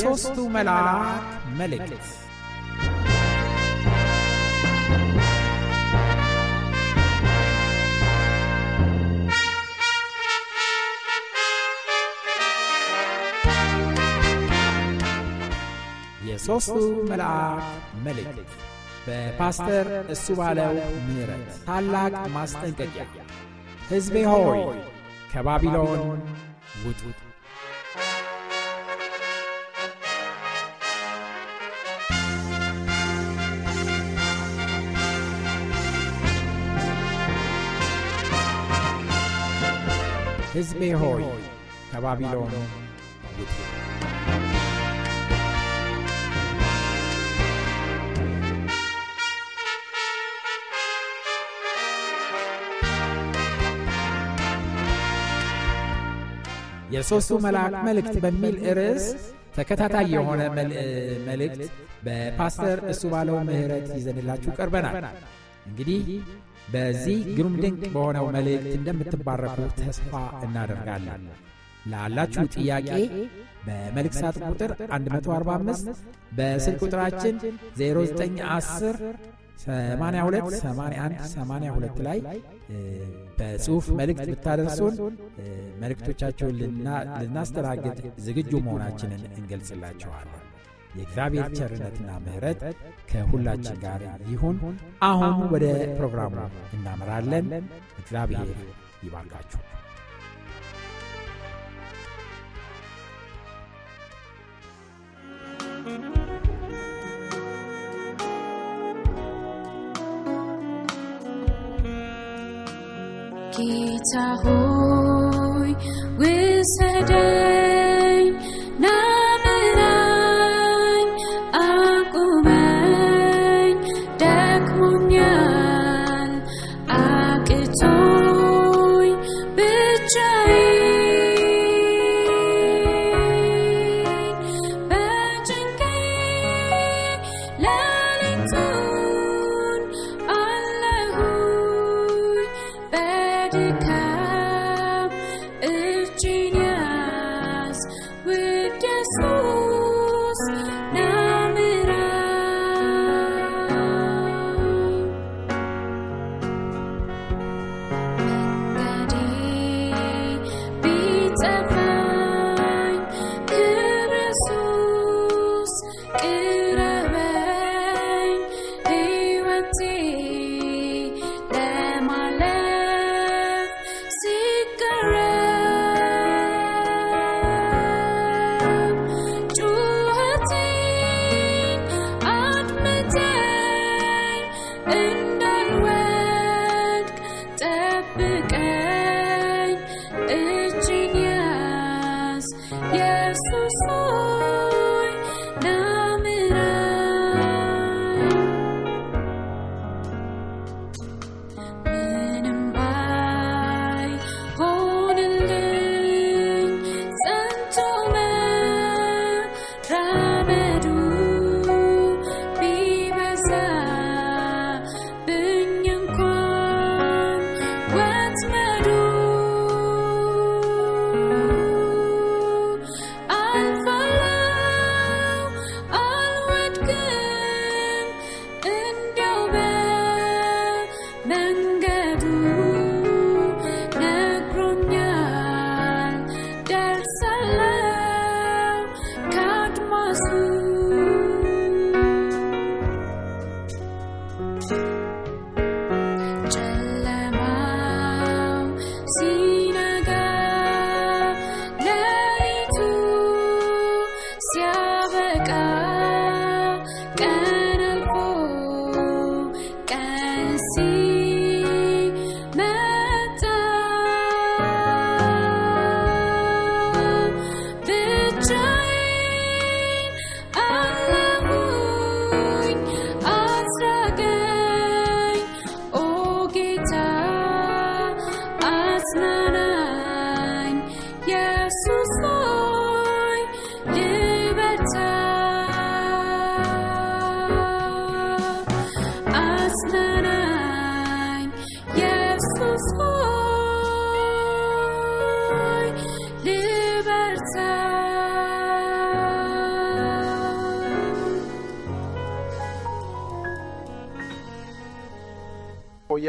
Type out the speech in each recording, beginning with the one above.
የሦስቱ መልአክ መልእክት የሦስቱ መልአክ መልእክት በፓስተር እሱ ባለው ምሕረት ታላቅ ማስጠንቀቂያ ሕዝቤ ሆይ ከባቢሎን ውጡ ሕዝቤ ሆይ ከባቢሎን የሦስቱ መልአክ መልእክት በሚል ርዕስ ተከታታይ የሆነ መልእክት በፓስተር እሱ ባለው ምህረት ይዘንላችሁ ቀርበናል። እንግዲህ በዚህ ግሩም ድንቅ በሆነው መልእክት እንደምትባረኩ ተስፋ እናደርጋለን። ላላችሁ ጥያቄ በመልእክት ሳጥን ቁጥር 145 በስልክ ቁጥራችን 0910 82 81 82 ላይ በጽሁፍ መልእክት ብታደርሱን መልእክቶቻቸውን ልናስተናግድ ዝግጁ መሆናችንን እንገልጽላችኋለን። የእግዚአብሔር ቸርነትና ምሕረት ከሁላችን ጋር ይሁን። አሁን ወደ ፕሮግራሙ እናመራለን። እግዚአብሔር ይባርካችሁ። ጌታ ሆይ ውሰደን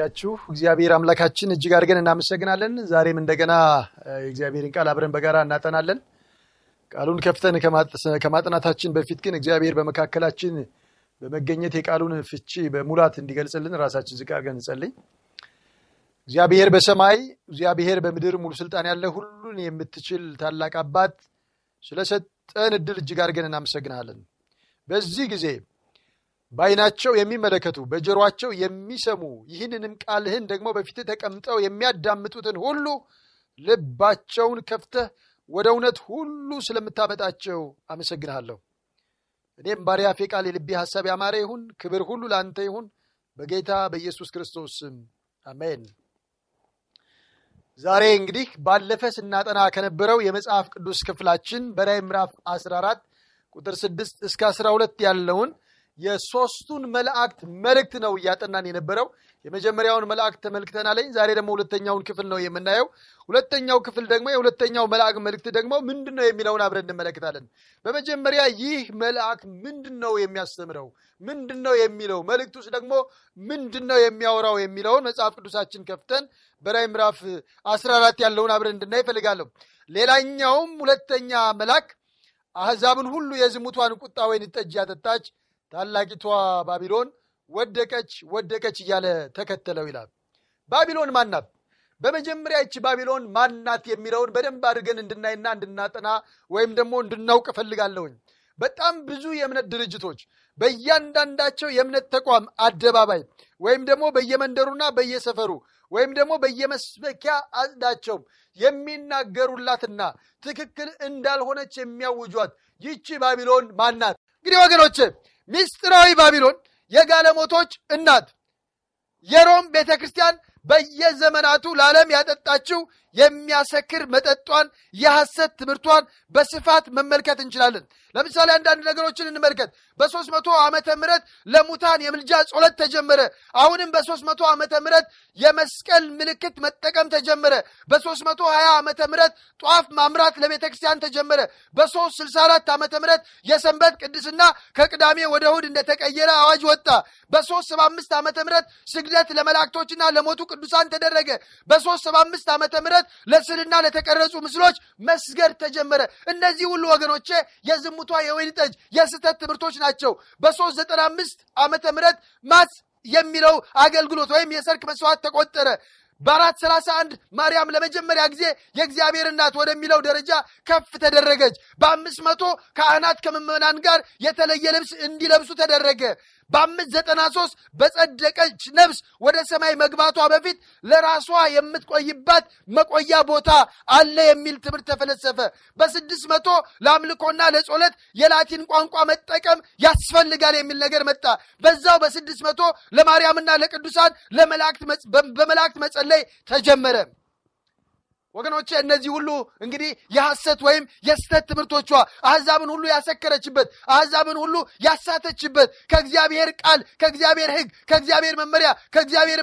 ያቆያችሁ። እግዚአብሔር አምላካችን እጅግ አድርገን እናመሰግናለን። ዛሬም እንደገና የእግዚአብሔርን ቃል አብረን በጋራ እናጠናለን። ቃሉን ከፍተን ከማጥናታችን በፊት ግን እግዚአብሔር በመካከላችን በመገኘት የቃሉን ፍቺ በሙላት እንዲገልጽልን ራሳችን ዝቅ አድርገን እንጸልይ። እግዚአብሔር በሰማይ እግዚአብሔር በምድር ሙሉ ስልጣን ያለ ሁሉን የምትችል ታላቅ አባት ስለሰጠን እድል እጅግ አድርገን እናመሰግናለን። በዚህ ጊዜ በዓይናቸው የሚመለከቱ በጆሯቸው የሚሰሙ ይህንንም ቃልህን ደግሞ በፊት ተቀምጠው የሚያዳምጡትን ሁሉ ልባቸውን ከፍተህ ወደ እውነት ሁሉ ስለምታመጣቸው አመሰግንሃለሁ። እኔም ባሪያፌ ቃል የልቤ ሐሳብ ያማረ ይሁን። ክብር ሁሉ ለአንተ ይሁን፣ በጌታ በኢየሱስ ክርስቶስ ስም አሜን። ዛሬ እንግዲህ ባለፈ ስናጠና ከነበረው የመጽሐፍ ቅዱስ ክፍላችን በራዕይ ምዕራፍ 14 ቁጥር 6 እስከ 12 ያለውን የሶስቱን መላእክት መልእክት ነው እያጠናን የነበረው። የመጀመሪያውን መልአክ ተመልክተናለኝ። ዛሬ ደግሞ ሁለተኛውን ክፍል ነው የምናየው። ሁለተኛው ክፍል ደግሞ የሁለተኛው መልአክ መልእክት ደግሞ ምንድን ነው የሚለውን አብረን እንመለከታለን። በመጀመሪያ ይህ መልአክ ምንድን ነው የሚያስተምረው፣ ምንድን ነው የሚለው፣ መልእክቱስ ደግሞ ምንድን ነው የሚያወራው የሚለውን መጽሐፍ ቅዱሳችን ከፍተን በራይ ምዕራፍ 14 ያለውን አብረን እንድና ይፈልጋለሁ ሌላኛውም ሁለተኛ መልአክ አህዛብን ሁሉ የዝሙቷን ቁጣ ወይን ጠጅ ያጠጣች ታላቂቷ ባቢሎን ወደቀች ወደቀች እያለ ተከተለው ይላል። ባቢሎን ማናት? በመጀመሪያ ይቺ ባቢሎን ማናት የሚለውን በደንብ አድርገን እንድናይና እንድናጠና ወይም ደግሞ እንድናውቅ እፈልጋለሁኝ። በጣም ብዙ የእምነት ድርጅቶች በእያንዳንዳቸው የእምነት ተቋም አደባባይ ወይም ደግሞ በየመንደሩና በየሰፈሩ ወይም ደግሞ በየመስበኪያ አጽዳቸው የሚናገሩላትና ትክክል እንዳልሆነች የሚያውጇት ይቺ ባቢሎን ማናት? እንግዲህ ወገኖቼ ምስጢራዊ ባቢሎን የጋለሞቶች እናት የሮም ቤተ ክርስቲያን በየዘመናቱ ለዓለም ያጠጣችው የሚያሰክር መጠጧን፣ የሐሰት ትምህርቷን በስፋት መመልከት እንችላለን። ለምሳሌ አንዳንድ ነገሮችን እንመልከት። በሶስት መቶ ዓመተ ምረት ለሙታን የምልጃ ጸሎት ተጀመረ። አሁንም በሶስት መቶ ዓመተ ምረት የመስቀል ምልክት መጠቀም ተጀመረ። በሶስት መቶ ሀያ ዓመተ ምረት ጧፍ ማምራት ለቤተ ክርስቲያን ተጀመረ። በሶስት ስልሳ አራት ዓመተ ምረት የሰንበት ቅድስና ከቅዳሜ ወደ እሁድ እንደተቀየረ አዋጅ ወጣ። በሶስት ሰባ አምስት ዓመተ ምረት ስግደት ለመላእክቶችና ለሞቱ ቅዱሳን ተደረገ። በሶስት ሰባ አምስት ዓመተ ምረት ለጣዖታት ለስዕልና ለተቀረጹ ምስሎች መስገድ ተጀመረ። እነዚህ ሁሉ ወገኖቼ የዝሙቷ የወይን ጠጅ የስህተት ትምህርቶች ናቸው። በሦስት ዘጠና አምስት ዓመተ ምህረት ማስ የሚለው አገልግሎት ወይም የሰርክ መስዋዕት ተቆጠረ። በአራት ሰላሳ አንድ ማርያም ለመጀመሪያ ጊዜ የእግዚአብሔር እናት ወደሚለው ደረጃ ከፍ ተደረገች። በአምስት መቶ ካህናት ከምዕመናን ጋር የተለየ ልብስ እንዲለብሱ ተደረገ። በአምስት ዘጠና ሶስት በጸደቀች ነፍስ ወደ ሰማይ መግባቷ በፊት ለራሷ የምትቆይባት መቆያ ቦታ አለ የሚል ትምህርት ተፈለሰፈ። በስድስት መቶ ለአምልኮና ለጸሎት የላቲን ቋንቋ መጠቀም ያስፈልጋል የሚል ነገር መጣ። በዛው በስድስት መቶ ለማርያምና ለቅዱሳን በመላእክት መጸለይ ተጀመረ። ወገኖቼ እነዚህ ሁሉ እንግዲህ የሐሰት ወይም የስተት ትምህርቶቿ አሕዛብን ሁሉ ያሰከረችበት፣ አሕዛብን ሁሉ ያሳተችበት ከእግዚአብሔር ቃል ከእግዚአብሔር ሕግ ከእግዚአብሔር መመሪያ ከእግዚአብሔር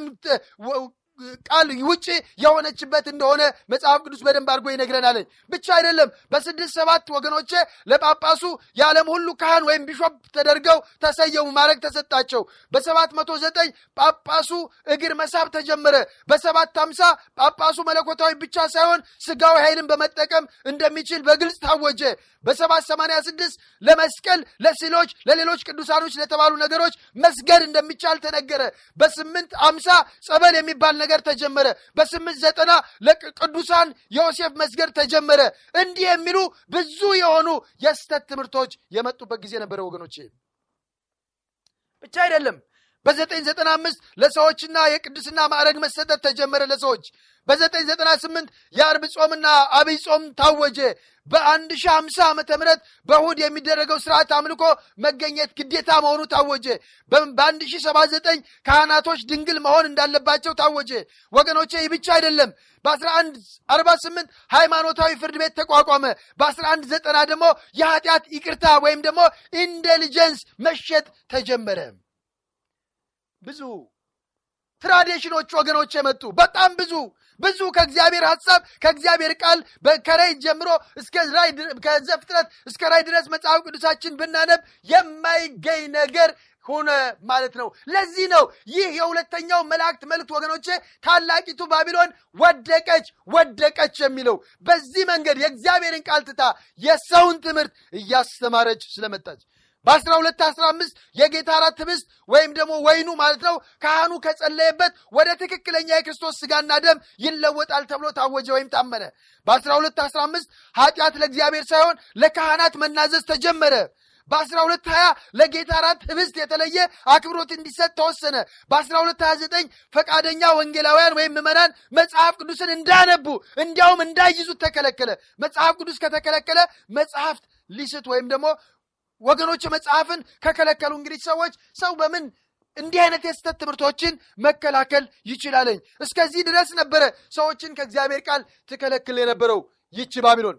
ቃል ውጭ የሆነችበት እንደሆነ መጽሐፍ ቅዱስ በደንብ አድርጎ ይነግረናል። ብቻ አይደለም በስድስት ሰባት ወገኖቼ ለጳጳሱ የዓለም ሁሉ ካህን ወይም ቢሾፕ ተደርገው ተሰየሙ፣ ማድረግ ተሰጣቸው። በሰባት መቶ ዘጠኝ ጳጳሱ እግር መሳብ ተጀመረ። በሰባት አምሳ ጳጳሱ መለኮታዊ ብቻ ሳይሆን ስጋዊ ኃይልን በመጠቀም እንደሚችል በግልጽ ታወጀ። በሰባት ሰማንያ ስድስት ለመስቀል ለስዕሎች፣ ለሌሎች ቅዱሳኖች ለተባሉ ነገሮች መስገድ እንደሚቻል ተነገረ። በስምንት አምሳ ጸበል የሚባል ነገር ነገር ተጀመረ። በስምንት ዘጠና ለቅዱሳን የዮሴፍ መስገድ ተጀመረ። እንዲህ የሚሉ ብዙ የሆኑ የስተት ትምህርቶች የመጡበት ጊዜ ነበረ ወገኖች። ብቻ አይደለም በ995 ለሰዎችና የቅድስና ማዕረግ መሰጠት ተጀመረ። ለሰዎች በ998 የአርብ ጾምና አብይ ጾም ታወጀ። በ1050 ዓ ም በእሁድ የሚደረገው ስርዓት አምልኮ መገኘት ግዴታ መሆኑ ታወጀ። በ1079 ካህናቶች ድንግል መሆን እንዳለባቸው ታወጀ። ወገኖቼ ይህ ብቻ አይደለም። በ1148 ሃይማኖታዊ ፍርድ ቤት ተቋቋመ። በ1190 ደግሞ የኃጢአት ይቅርታ ወይም ደግሞ ኢንቴሊጀንስ መሸጥ ተጀመረ። ብዙ ትራዲሽኖች ወገኖች የመጡ በጣም ብዙ ብዙ ከእግዚአብሔር ሀሳብ ከእግዚአብሔር ቃል ከራይ ጀምሮ ከዘፍጥረት እስከ ራይ ድረስ መጽሐፍ ቅዱሳችን ብናነብ የማይገኝ ነገር ሆነ ማለት ነው። ለዚህ ነው ይህ የሁለተኛው መላእክት መልእክት ወገኖቼ፣ ታላቂቱ ባቢሎን ወደቀች ወደቀች የሚለው በዚህ መንገድ የእግዚአብሔርን ቃል ትታ የሰውን ትምህርት እያስተማረች ስለመጣች በ 1215 የጌታ አራት ህብስት ወይም ደግሞ ወይኑ ማለት ነው ካህኑ ከጸለየበት ወደ ትክክለኛ የክርስቶስ ስጋና ደም ይለወጣል ተብሎ ታወጀ ወይም ታመነ። በ በ1215 ኃጢአት ለእግዚአብሔር ሳይሆን ለካህናት መናዘዝ ተጀመረ። በ በ1220 ለጌታ አራት ህብስት የተለየ አክብሮት እንዲሰጥ ተወሰነ። በ በ1229 ፈቃደኛ ወንጌላውያን ወይም ምዕመናን መጽሐፍ ቅዱስን እንዳነቡ እንዲያውም እንዳይዙት ተከለከለ። መጽሐፍ ቅዱስ ከተከለከለ መጽሐፍት ሊስት ወይም ደግሞ ወገኖች መጽሐፍን ከከለከሉ እንግዲህ ሰዎች ሰው በምን እንዲህ አይነት የስተት ትምህርቶችን መከላከል ይችላለኝ? እስከዚህ ድረስ ነበረ ሰዎችን ከእግዚአብሔር ቃል ትከለክል የነበረው ይቺ ባቢሎን።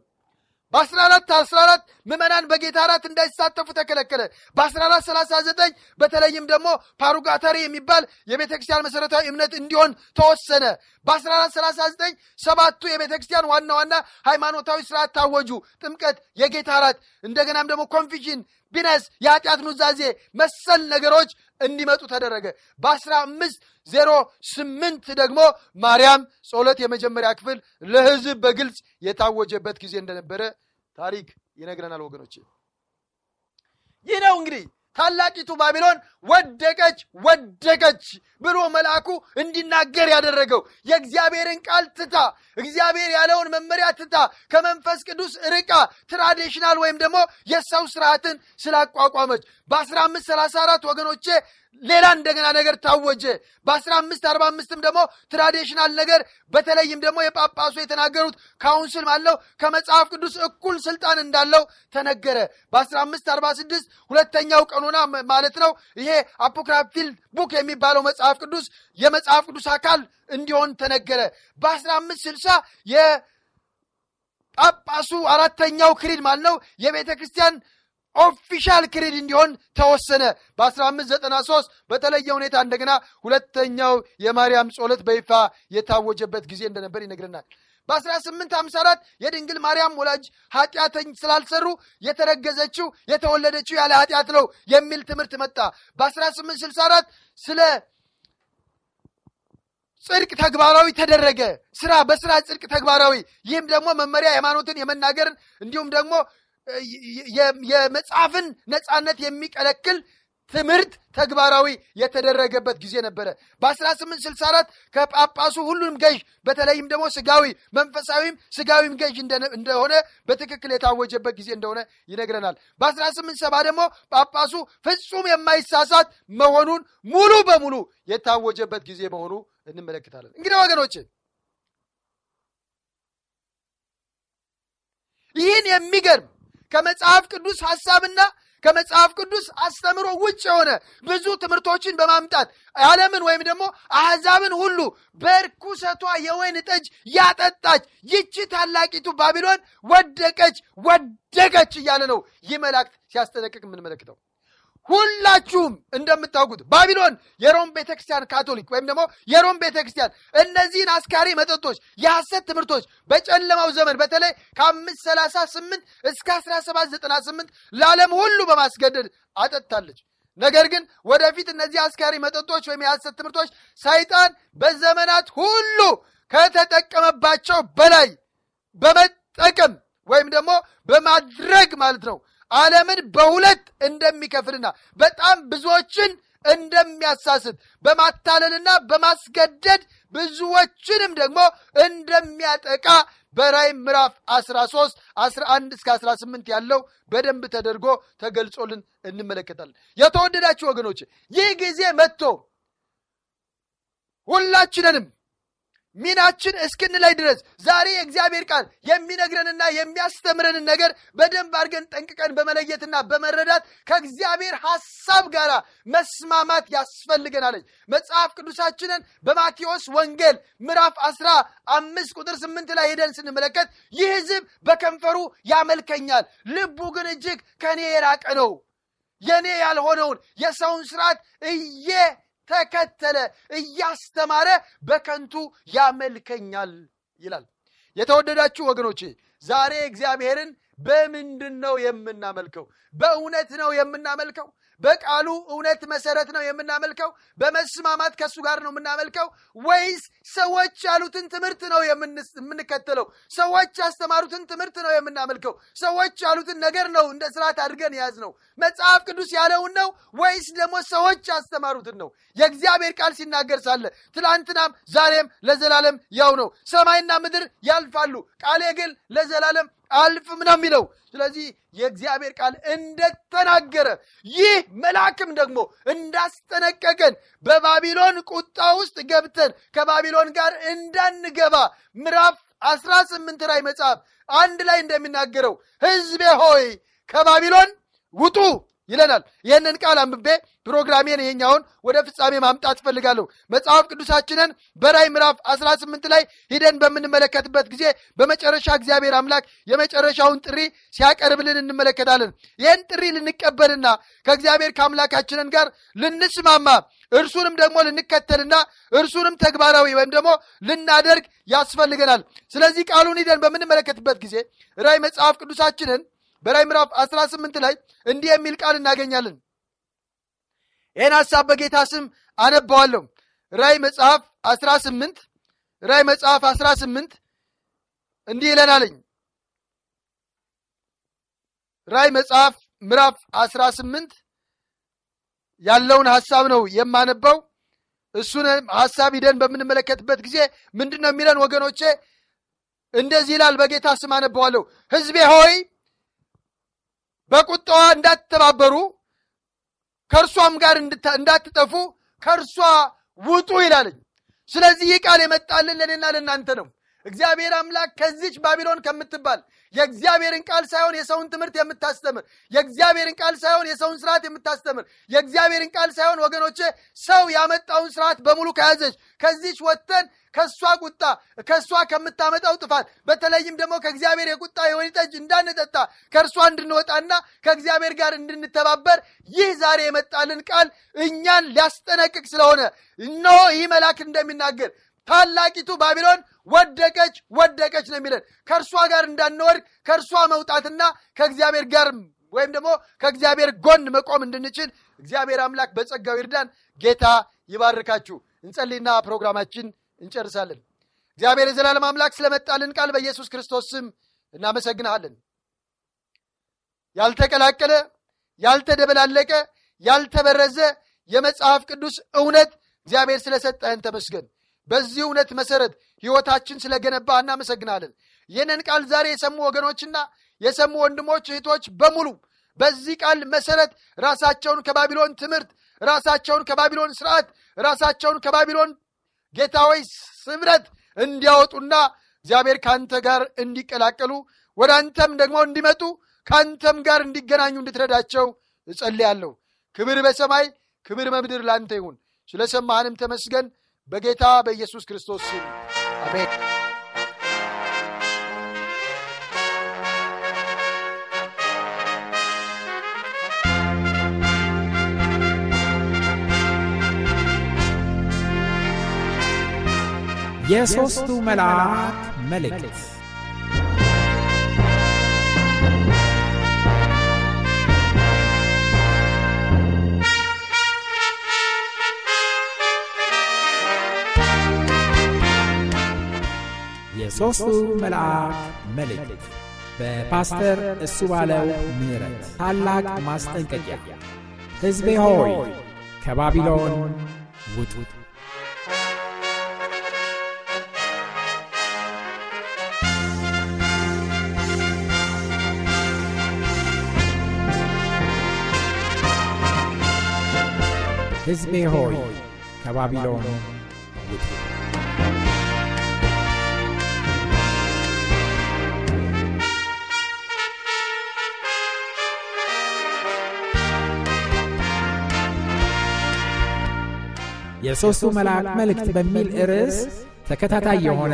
በአስራ አራት አስራ አራት ምዕመናን በጌታ አራት እንዳይሳተፉ ተከለከለ። በአስራ አራት ሰላሳ ዘጠኝ በተለይም ደግሞ ፓሩጋተሪ የሚባል የቤተ ክርስቲያን መሠረታዊ እምነት እንዲሆን ተወሰነ። በአስራ አራት ሰላሳ ዘጠኝ ሰባቱ የቤተ ክርስቲያን ዋና ዋና ሃይማኖታዊ ስርዓት ታወጁ። ጥምቀት፣ የጌታ አራት እንደገናም ደግሞ ኮንፊሽን፣ ቢነስ፣ የኃጢአት ኑዛዜ መሰል ነገሮች እንዲመጡ ተደረገ። በ 1508 ደግሞ ማርያም ጸሎት የመጀመሪያ ክፍል ለህዝብ በግልጽ የታወጀበት ጊዜ እንደነበረ ታሪክ ይነግረናል። ወገኖች ይህ ነው እንግዲህ ታላቂቱ ባቢሎን ወደቀች ወደቀች ብሎ መልአኩ እንዲናገር ያደረገው የእግዚአብሔርን ቃል ትታ እግዚአብሔር ያለውን መመሪያ ትታ ከመንፈስ ቅዱስ ርቃ ትራዲሽናል ወይም ደግሞ የሰው ስርዓትን ስላቋቋመች በ1534 ወገኖቼ ሌላ እንደገና ነገር ታወጀ። በ በ1545 አርባ ደግሞ ትራዲሽናል ነገር በተለይም ደግሞ የጳጳሱ የተናገሩት ካውንስል አለው ከመጽሐፍ ቅዱስ እኩል ስልጣን እንዳለው ተነገረ። በ በ1546 ሁለተኛው ቀኖና ማለት ነው ይሄ አፖክራፊል ቡክ የሚባለው መጽሐፍ ቅዱስ የመጽሐፍ ቅዱስ አካል እንዲሆን ተነገረ። በ በ1560 የጳጳሱ አራተኛው ክሪድ ማለት ነው የቤተ ክርስቲያን ኦፊሻል ክሪድ እንዲሆን ተወሰነ። በ1593 በተለየ ሁኔታ እንደገና ሁለተኛው የማርያም ጸሎት በይፋ የታወጀበት ጊዜ እንደነበር ይነግረናል። በ1854 የድንግል ማርያም ወላጅ ኃጢአተኝ ስላልሰሩ የተረገዘችው የተወለደችው ያለ ኃጢአት ነው የሚል ትምህርት መጣ። በ1864 ስለ ጽድቅ ተግባራዊ ተደረገ። ስራ በስራ ጽድቅ ተግባራዊ። ይህም ደግሞ መመሪያ ሃይማኖትን የመናገርን እንዲሁም ደግሞ የመጽሐፍን ነፃነት የሚቀለክል ትምህርት ተግባራዊ የተደረገበት ጊዜ ነበረ። በ1864 ከጳጳሱ ሁሉንም ገዥ በተለይም ደግሞ ስጋዊ መንፈሳዊም ስጋዊም ገዥ እንደሆነ በትክክል የታወጀበት ጊዜ እንደሆነ ይነግረናል። በ1870 ደግሞ ጳጳሱ ፍጹም የማይሳሳት መሆኑን ሙሉ በሙሉ የታወጀበት ጊዜ መሆኑ እንመለከታለን። እንግዲህ ወገኖች ይህን የሚገርም ከመጽሐፍ ቅዱስ ሐሳብና ከመጽሐፍ ቅዱስ አስተምሮ ውጭ የሆነ ብዙ ትምህርቶችን በማምጣት ዓለምን ወይም ደግሞ አሕዛብን ሁሉ በርኩሰቷ የወይን ጠጅ ያጠጣች ይቺ ታላቂቱ ባቢሎን ወደቀች፣ ወደቀች እያለ ነው ይህ መላእክት ሲያስጠነቅቅ የምንመለከተው። ሁላችሁም እንደምታውቁት ባቢሎን የሮም ቤተክርስቲያን ካቶሊክ ወይም ደግሞ የሮም ቤተክርስቲያን እነዚህን አስካሪ መጠጦች፣ የሐሰት ትምህርቶች በጨለማው ዘመን በተለይ ከአምስት ሰላሳ ስምንት እስከ አስራ ሰባት ዘጠና ስምንት ለዓለም ሁሉ በማስገደድ አጠጥታለች። ነገር ግን ወደፊት እነዚህ አስካሪ መጠጦች ወይም የሐሰት ትምህርቶች ሰይጣን በዘመናት ሁሉ ከተጠቀመባቸው በላይ በመጠቀም ወይም ደግሞ በማድረግ ማለት ነው ዓለምን በሁለት እንደሚከፍልና በጣም ብዙዎችን እንደሚያሳስት በማታለልና በማስገደድ ብዙዎችንም ደግሞ እንደሚያጠቃ በራይ ምዕራፍ 13 11 እስከ 18 ያለው በደንብ ተደርጎ ተገልጾልን እንመለከታለን። የተወደዳችሁ ወገኖች ይህ ጊዜ መጥቶ ሁላችንንም ሚናችን እስክንለይ ድረስ ዛሬ የእግዚአብሔር ቃል የሚነግረንና የሚያስተምረንን ነገር በደንብ አድርገን ጠንቅቀን በመለየትና በመረዳት ከእግዚአብሔር ሐሳብ ጋር መስማማት ያስፈልገናለች። መጽሐፍ ቅዱሳችንን በማቴዎስ ወንጌል ምዕራፍ አስራ አምስት ቁጥር ስምንት ላይ ሄደን ስንመለከት ይህ ሕዝብ በከንፈሩ ያመልከኛል፣ ልቡ ግን እጅግ ከእኔ የራቀ ነው። የእኔ ያልሆነውን የሰውን ስርዓት እየ ተከተለ፣ እያስተማረ በከንቱ ያመልከኛል ይላል። የተወደዳችሁ ወገኖቼ ዛሬ እግዚአብሔርን በምንድን ነው የምናመልከው? በእውነት ነው የምናመልከው? በቃሉ እውነት መሰረት ነው የምናመልከው? በመስማማት ከእሱ ጋር ነው የምናመልከው? ወይስ ሰዎች ያሉትን ትምህርት ነው የምንከተለው? ሰዎች ያስተማሩትን ትምህርት ነው የምናመልከው? ሰዎች ያሉትን ነገር ነው እንደ ስርዓት አድርገን የያዝ ነው? መጽሐፍ ቅዱስ ያለውን ነው ወይስ ደግሞ ሰዎች ያስተማሩትን ነው? የእግዚአብሔር ቃል ሲናገር ሳለ ትላንትናም ዛሬም ለዘላለም ያው ነው። ሰማይና ምድር ያልፋሉ፣ ቃሌ ግን ለዘላለም አልፍም ነው የሚለው። ስለዚህ የእግዚአብሔር ቃል እንደተናገረ ይህ መልአክም ደግሞ እንዳስጠነቀቀን በባቢሎን ቁጣ ውስጥ ገብተን ከባቢሎን ጋር እንዳንገባ ምዕራፍ አስራ ስምንት ላይ መጽሐፍ አንድ ላይ እንደሚናገረው ሕዝቤ ሆይ ከባቢሎን ውጡ ይለናል። ይህንን ቃል አንብቤ ፕሮግራሜን ይሄኛውን ወደ ፍጻሜ ማምጣት እፈልጋለሁ። መጽሐፍ ቅዱሳችንን በራይ ምዕራፍ 18 ላይ ሂደን በምንመለከትበት ጊዜ በመጨረሻ እግዚአብሔር አምላክ የመጨረሻውን ጥሪ ሲያቀርብልን እንመለከታለን። ይህን ጥሪ ልንቀበልና ከእግዚአብሔር ከአምላካችንን ጋር ልንስማማ እርሱንም ደግሞ ልንከተልና እርሱንም ተግባራዊ ወይም ደግሞ ልናደርግ ያስፈልገናል። ስለዚህ ቃሉን ሂደን በምንመለከትበት ጊዜ ራይ መጽሐፍ ቅዱሳችንን በራይ ምዕራፍ 18 ላይ እንዲህ የሚል ቃል እናገኛለን። ይህን ሐሳብ በጌታ ስም አነባዋለሁ። ራይ መጽሐፍ 18 ራይ መጽሐፍ 18 እንዲህ ይለናለኝ። ራይ መጽሐፍ ምዕራፍ 18 ያለውን ሐሳብ ነው የማነባው። እሱን ሐሳብ ሂደን በምንመለከትበት ጊዜ ምንድን ነው የሚለን ወገኖቼ? እንደዚህ ይላል። በጌታ ስም አነባዋለሁ። ህዝቤ ሆይ በቁጣዋ እንዳትተባበሩ ከእርሷም ጋር እንዳትጠፉ ከእርሷ ውጡ ይላለኝ። ስለዚህ ይህ ቃል የመጣልን ለእኔና ለእናንተ ነው። እግዚአብሔር አምላክ ከዚች ባቢሎን ከምትባል የእግዚአብሔርን ቃል ሳይሆን የሰውን ትምህርት የምታስተምር የእግዚአብሔርን ቃል ሳይሆን የሰውን ስርዓት የምታስተምር የእግዚአብሔርን ቃል ሳይሆን ወገኖቼ ሰው ያመጣውን ስርዓት በሙሉ ከያዘች ከዚች ወጥተን ከእሷ ቁጣ ከእሷ ከምታመጣው ጥፋት በተለይም ደግሞ ከእግዚአብሔር የቁጣ የወይን ጠጅ እንዳንጠጣ ከእርሷ እንድንወጣና ከእግዚአብሔር ጋር እንድንተባበር ይህ ዛሬ የመጣልን ቃል እኛን ሊያስጠነቅቅ ስለሆነ እነሆ ይህ መልአክ እንደሚናገር ታላቂቱ ባቢሎን ወደቀች ወደቀች ነው የሚለን። ከእርሷ ጋር እንዳንወድ ከእርሷ መውጣትና ከእግዚአብሔር ጋር ወይም ደግሞ ከእግዚአብሔር ጎን መቆም እንድንችል እግዚአብሔር አምላክ በጸጋው ይርዳን። ጌታ ይባርካችሁ። እንጸልይና ፕሮግራማችን እንጨርሳለን። እግዚአብሔር የዘላለም አምላክ ስለመጣልን ቃል በኢየሱስ ክርስቶስ ስም እናመሰግናለን። ያልተቀላቀለ፣ ያልተደበላለቀ፣ ያልተበረዘ የመጽሐፍ ቅዱስ እውነት እግዚአብሔር ስለሰጠህን ተመስገን። በዚህ እውነት መሰረት ሕይወታችን ስለገነባ እናመሰግናለን። ይህንን ቃል ዛሬ የሰሙ ወገኖችና የሰሙ ወንድሞች እህቶች በሙሉ በዚህ ቃል መሰረት ራሳቸውን ከባቢሎን ትምህርት፣ ራሳቸውን ከባቢሎን ስርዓት፣ ራሳቸውን ከባቢሎን ጌታዊ ስብረት እንዲያወጡና እግዚአብሔር ከአንተ ጋር እንዲቀላቀሉ ወደ አንተም ደግሞ እንዲመጡ ከአንተም ጋር እንዲገናኙ እንድትረዳቸው እጸልያለሁ። ክብር በሰማይ ክብር በምድር ላንተ ይሁን። ስለ ሰማህንም ተመስገን። በጌታ በኢየሱስ ክርስቶስ ስም አሜን። የሦስቱ መልአክ መልእክት የሦስቱ መልአክ መልእክት በፓስተር እሱ ባለው ምሕረት ታላቅ ማስጠንቀቂያ ሕዝቤ ሆይ ከባቢሎን ውጡ። ሕዝቤ ሆይ ከባቢሎን ውጡ። የሦስቱ መልአክ መልእክት በሚል ርዕስ ተከታታይ የሆነ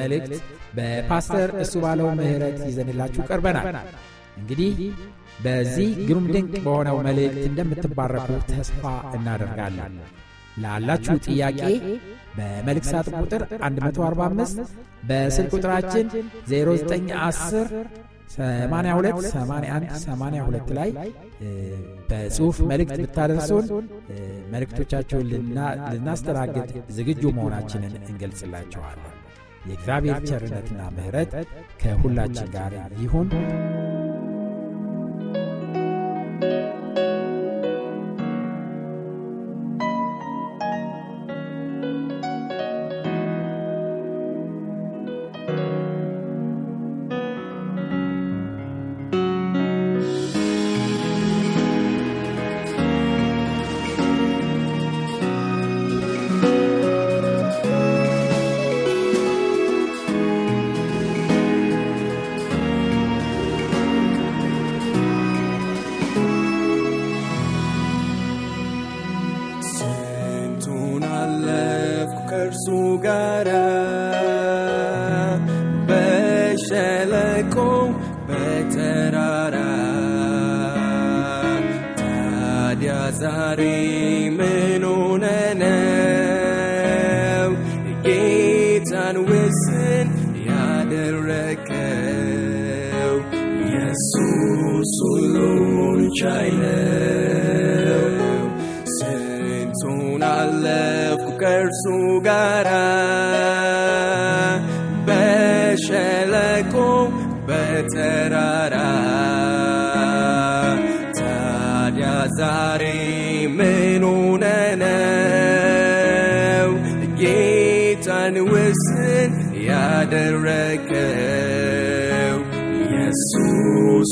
መልእክት በፓስተር እሱ ባለው ምህረት ይዘንላችሁ ቀርበናል። እንግዲህ በዚህ ግሩም ድንቅ በሆነው መልእክት እንደምትባረኩ ተስፋ እናደርጋለን። ላላችሁ ጥያቄ በመልእክት ሳጥን ቁጥር 145 በስልክ ቁጥራችን 0910 82 81 82 ላይ በጽሁፍ መልእክት ብታደርሱን መልእክቶቻችሁን ልናስተናግድ ዝግጁ መሆናችንን እንገልጽላችኋለን። የእግዚአብሔር ቸርነትና ምህረት ከሁላችን ጋር ይሁን። ቆም በተራራ ታዲያ ዛሬ ምን ነው ጌታን ውስን ያደረከው ኢየሱስ ሁሉን ቻይ ነው። ስንቱን አለፍኩ ከእርሱ ጋራ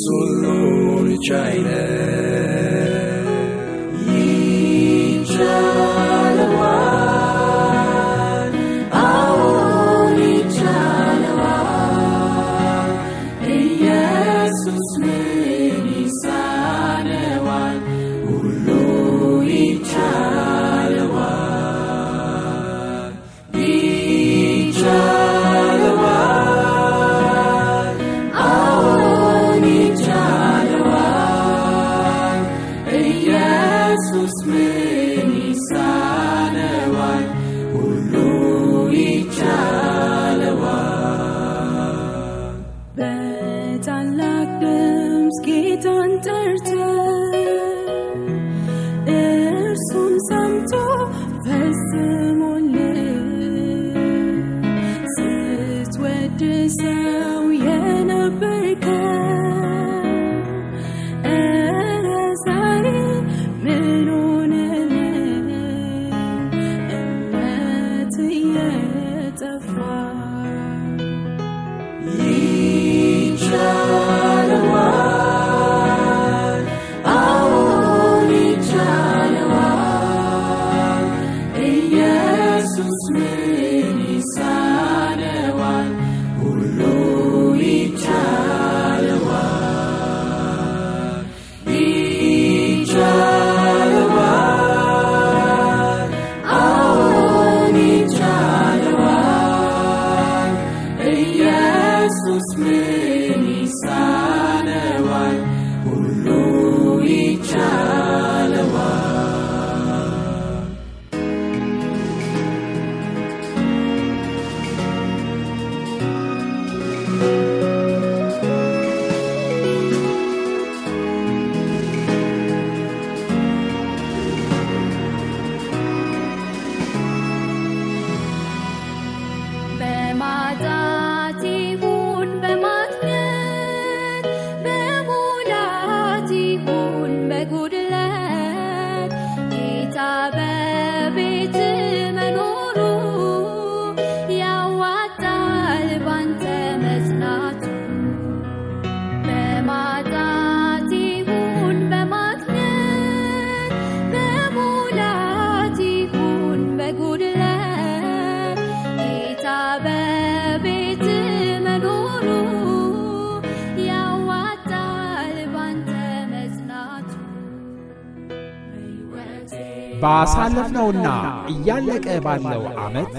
solo ricciaire. ባሳለፍነውና እያለቀ ባለው ዓመት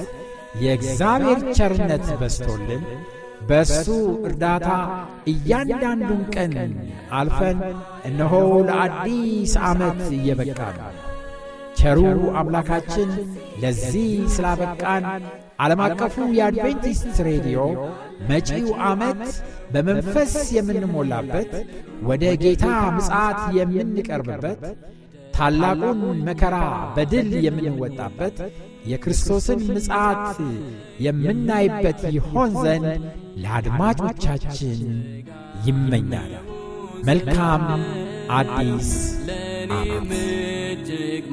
የእግዚአብሔር ቸርነት በስቶልን በእሱ እርዳታ እያንዳንዱን ቀን አልፈን እነሆ ለአዲስ ዓመት እየበቃን ቸሩ አምላካችን ለዚህ ስላበቃን ዓለም አቀፉ የአድቬንቲስት ሬዲዮ መጪው ዓመት በመንፈስ የምንሞላበት ወደ ጌታ ምጻት የምንቀርብበት ታላቁን መከራ በድል የምንወጣበት የክርስቶስን ምጽዓት የምናይበት ይሆን ዘንድ ለአድማጮቻችን ይመኛል። መልካም አዲስ ለእኔም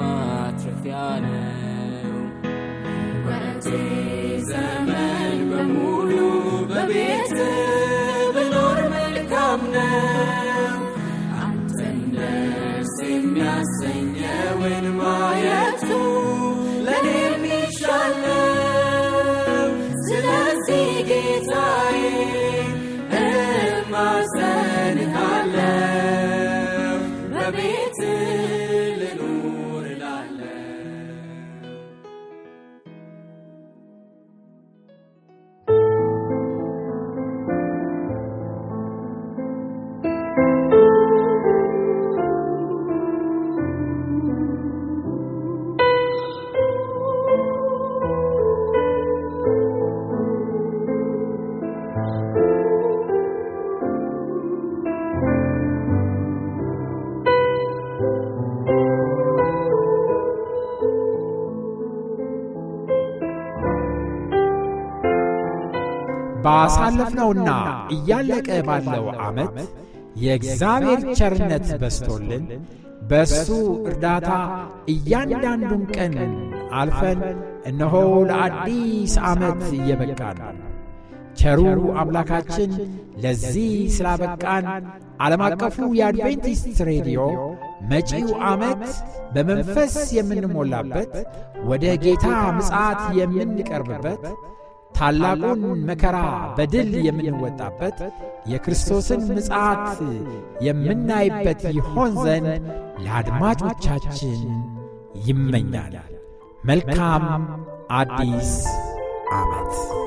ማትረፊያ ነው። ዘመን በሙሉ በቤት ብኖር መልካም ነው። ባሳለፍነውና እያለቀ ባለው ዓመት የእግዚአብሔር ቸርነት በስቶልን በእሱ እርዳታ እያንዳንዱን ቀን አልፈን እነሆ ለአዲስ ዓመት እየበቃን ቸሩ አምላካችን ለዚህ ስላበቃን ዓለም አቀፉ የአድቬንቲስት ሬዲዮ መጪው ዓመት በመንፈስ የምንሞላበት ወደ ጌታ ምጽዓት የምንቀርብበት ታላቁን መከራ በድል የምንወጣበት የክርስቶስን ምጽት የምናይበት ይሆን ዘንድ ለአድማጮቻችን ይመኛል። መልካም አዲስ ዓመት